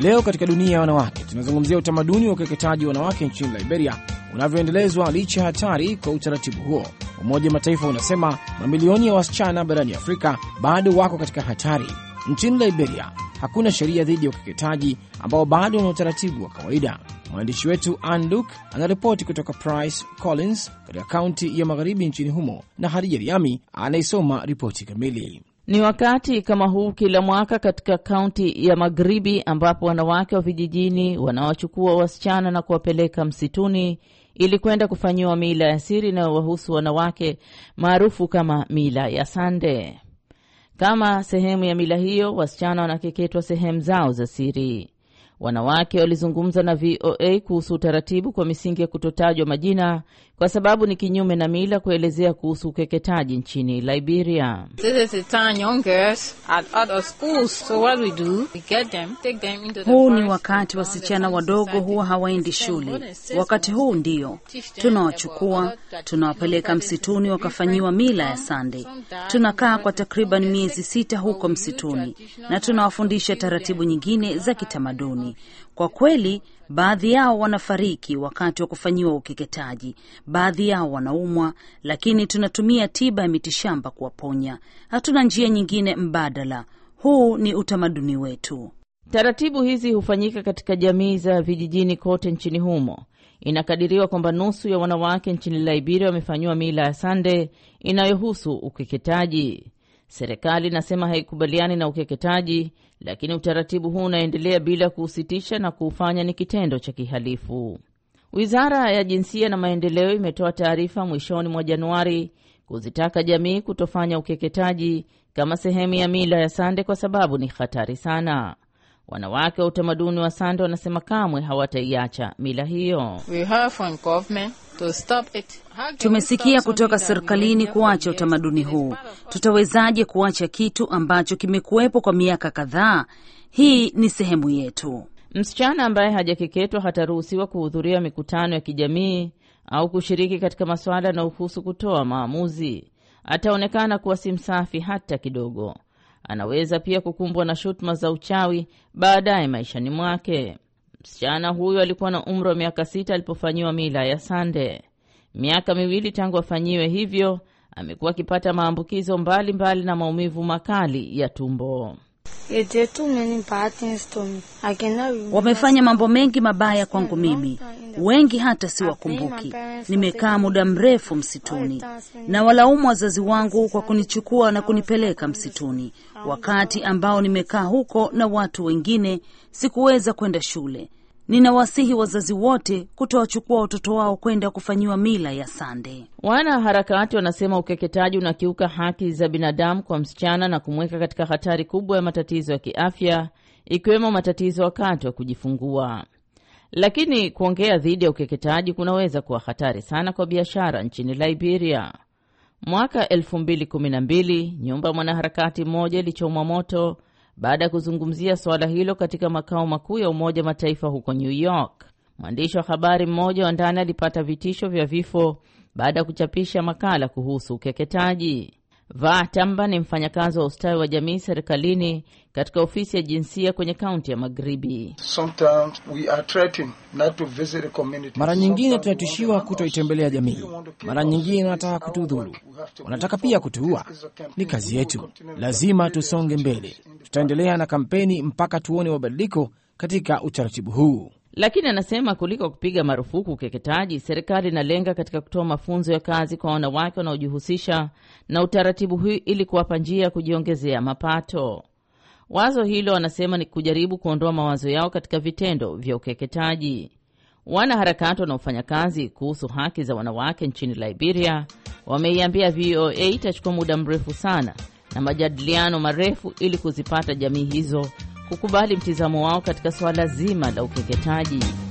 Leo katika dunia ya wanawake tunazungumzia utamaduni wa ukeketaji wa wanawake nchini Liberia unavyoendelezwa licha ya hatari kwa utaratibu huo. Umoja wa Mataifa unasema mamilioni ya wasichana barani Afrika bado wako katika hatari. Nchini Liberia hakuna sheria dhidi ya ukeketaji ambao bado una utaratibu wa kawaida. Mwandishi wetu Ann Luke anaripoti kutoka Price Collins katika kaunti ya magharibi nchini humo, na Hadija Riami anaisoma ripoti kamili. Ni wakati kama huu kila mwaka katika kaunti ya Magharibi ambapo wanawake wa vijijini wanawachukua wasichana na kuwapeleka msituni ili kwenda kufanyiwa mila ya siri inayowahusu wanawake maarufu kama mila ya sande. Kama sehemu ya mila hiyo, wasichana wanakeketwa sehemu zao za siri. Wanawake walizungumza na VOA kuhusu utaratibu kwa misingi ya kutotajwa majina kwa sababu ni kinyume na mila kuelezea kuhusu ukeketaji nchini Liberia. Huu ni wakati wasichana wadogo huwa hawaendi shule. Wakati huu ndio tunawachukua, tunawapeleka msituni wakafanyiwa mila ya sande. Tunakaa kwa takriban miezi sita huko msituni, na tunawafundisha taratibu nyingine za kitamaduni nyingi. Kwa kweli, baadhi yao wanafariki wakati wa kufanyiwa ukeketaji, baadhi yao wanaumwa, lakini tunatumia tiba ya mitishamba kuwaponya. Hatuna njia nyingine mbadala. Huu ni utamaduni wetu. Taratibu hizi hufanyika katika jamii za vijijini kote nchini humo. Inakadiriwa kwamba nusu ya wanawake nchini Liberia wamefanyiwa mila ya sande inayohusu ukeketaji. Serikali inasema haikubaliani na ukeketaji, lakini utaratibu huu unaendelea bila kuusitisha na kuufanya ni kitendo cha kihalifu. Wizara ya Jinsia na Maendeleo imetoa taarifa mwishoni mwa Januari kuzitaka jamii kutofanya ukeketaji kama sehemu ya mila ya Sande kwa sababu ni hatari sana. Wanawake wa utamaduni wa Sande wanasema kamwe hawataiacha mila hiyo. We Tumesikia kutoka serikalini kuacha utamaduni huu. Tutawezaje kuacha kitu ambacho kimekuwepo kwa miaka kadhaa? Hii ni sehemu yetu. Msichana ambaye hajakeketwa hataruhusiwa kuhudhuria mikutano ya kijamii au kushiriki katika masuala yanayohusu kutoa maamuzi. Ataonekana kuwa si msafi hata kidogo. Anaweza pia kukumbwa na shutuma za uchawi baadaye maishani mwake. Msichana huyo alikuwa na umri wa miaka sita alipofanyiwa mila ya sande. Miaka miwili tangu afanyiwe hivyo, amekuwa akipata maambukizo mbalimbali na maumivu makali ya tumbo. Wamefanya mambo mengi mabaya kwangu mimi, wengi hata siwakumbuki. Nimekaa muda mrefu msituni na walaumu wazazi wangu kwa kunichukua na kunipeleka msituni, wakati ambao nimekaa huko na watu wengine. Sikuweza kwenda shule, Ninawasihi wazazi wote kutowachukua watoto wao kwenda kufanyiwa mila ya sande. Wanaharakati wanasema ukeketaji unakiuka haki za binadamu kwa msichana na kumweka katika hatari kubwa ya matatizo ya kiafya, ikiwemo matatizo wakati wa kujifungua. Lakini kuongea dhidi ya ukeketaji kunaweza kuwa hatari sana kwa biashara nchini Liberia. Mwaka 2012 nyumba ya mwanaharakati mmoja ilichomwa moto baada ya kuzungumzia suala hilo katika makao makuu ya Umoja Mataifa huko New York. Mwandishi wa habari mmoja wa ndani alipata vitisho vya vifo baada ya kuchapisha makala kuhusu ukeketaji. Va Tamba ni mfanyakazi wa ustawi wa jamii serikalini katika ofisi ya jinsia kwenye kaunti ya Magribi. Mara nyingine tunatishiwa kutoitembelea jamii, mara nyingine wanataka kutudhuru, wanataka pia kutuua. Ni kazi yetu, lazima tusonge mbele tutaendelea na kampeni mpaka tuone mabadiliko katika utaratibu huu. Lakini anasema kuliko kupiga marufuku ukeketaji, serikali inalenga katika kutoa mafunzo ya kazi kwa wanawake wanaojihusisha na utaratibu huu ili kuwapa njia ya kujiongezea mapato. Wazo hilo anasema ni kujaribu kuondoa mawazo yao katika vitendo vya ukeketaji. Wanaharakati wanaofanya kazi kuhusu haki za wanawake nchini Liberia wameiambia VOA itachukua muda mrefu sana na majadiliano marefu ili kuzipata jamii hizo kukubali mtizamo wao katika suala zima la ukeketaji.